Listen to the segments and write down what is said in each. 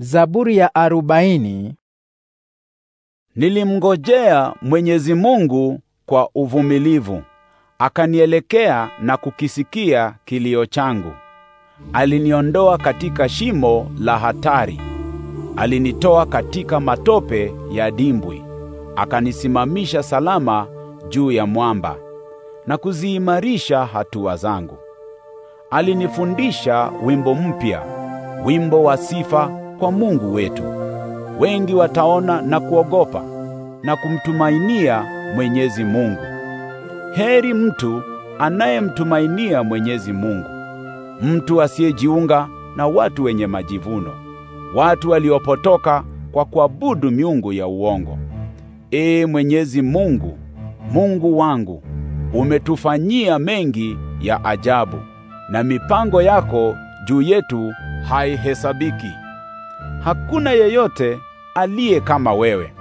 Zaburi ya arobaini. Nilimngojea Mwenyezi Mungu kwa uvumilivu, akanielekea na kukisikia kilio changu. Aliniondoa katika shimo la hatari, alinitoa katika matope ya dimbwi, akanisimamisha salama juu ya mwamba na kuziimarisha hatua zangu. Alinifundisha wimbo mpya, wimbo wa sifa kwa Mungu wetu. Wengi wataona na kuogopa na kumtumainia Mwenyezi Mungu. Heri mtu anayemtumainia Mwenyezi Mungu, mtu asiyejiunga na watu wenye majivuno, watu waliopotoka kwa kuabudu miungu ya uongo. Ee Mwenyezi Mungu, Mungu wangu, umetufanyia mengi ya ajabu, na mipango yako juu yetu haihesabiki hakuna yeyote aliye kama wewe.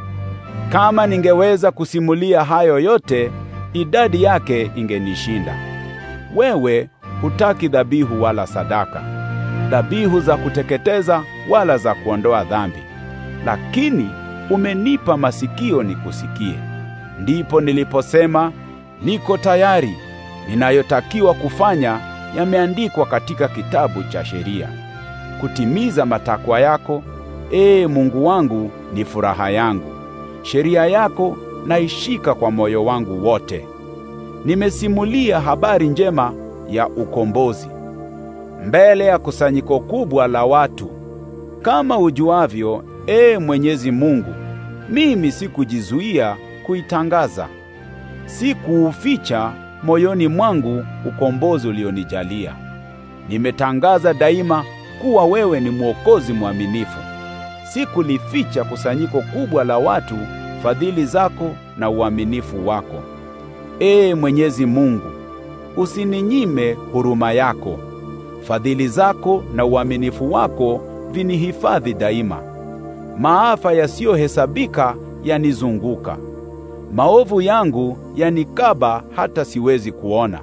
Kama ningeweza kusimulia hayo yote, idadi yake ingenishinda. Wewe hutaki dhabihu wala sadaka, dhabihu za kuteketeza wala za kuondoa dhambi, lakini umenipa masikio nikusikie. Ndipo niliposema, niko tayari, ninayotakiwa kufanya yameandikwa katika kitabu cha sheria, kutimiza matakwa yako Ee Mungu wangu ni furaha yangu, sheria yako naishika kwa moyo wangu wote. Nimesimulia habari njema ya ukombozi mbele ya kusanyiko kubwa la watu. Kama ujuavyo, ee Mwenyezi Mungu, mimi sikujizuia kuitangaza, sikuuficha moyoni mwangu ukombozi ulionijalia. Nimetangaza daima kuwa wewe ni mwokozi mwaminifu si kulificha kusanyiko kubwa la watu fadhili zako na uaminifu wako. Ee Mwenyezi Mungu, usininyime huruma yako. Fadhili zako na uaminifu wako vinihifadhi daima. Maafa yasiyohesabika yanizunguka. Maovu yangu yanikaba hata siwezi kuona.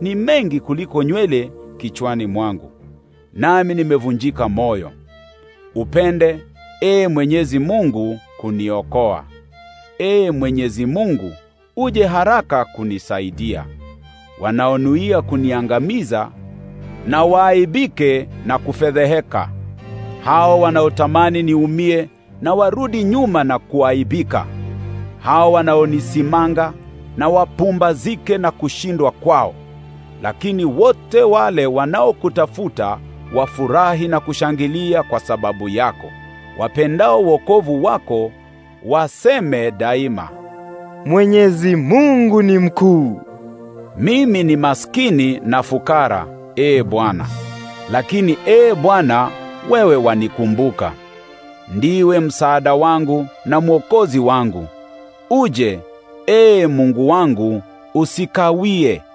Ni mengi kuliko nywele kichwani mwangu. Nami nimevunjika moyo. Upende Ee Mwenyezi Mungu, kuniokoa. Ee Mwenyezi Mungu, uje haraka kunisaidia. Wanaonuia kuniangamiza na waaibike na kufedheheka. Hao wanaotamani niumie na warudi nyuma na kuaibika. Hao wanaonisimanga na wapumbazike na kushindwa kwao. Lakini wote wale wanaokutafuta wafurahi na kushangilia kwa sababu yako wapendao wokovu wako waseme daima, Mwenyezi Mungu ni mkuu. Mimi ni maskini na fukara, ee Bwana, lakini ee Bwana, wewe wanikumbuka. Ndiwe msaada wangu na mwokozi wangu. Uje, ee Mungu wangu, usikawie.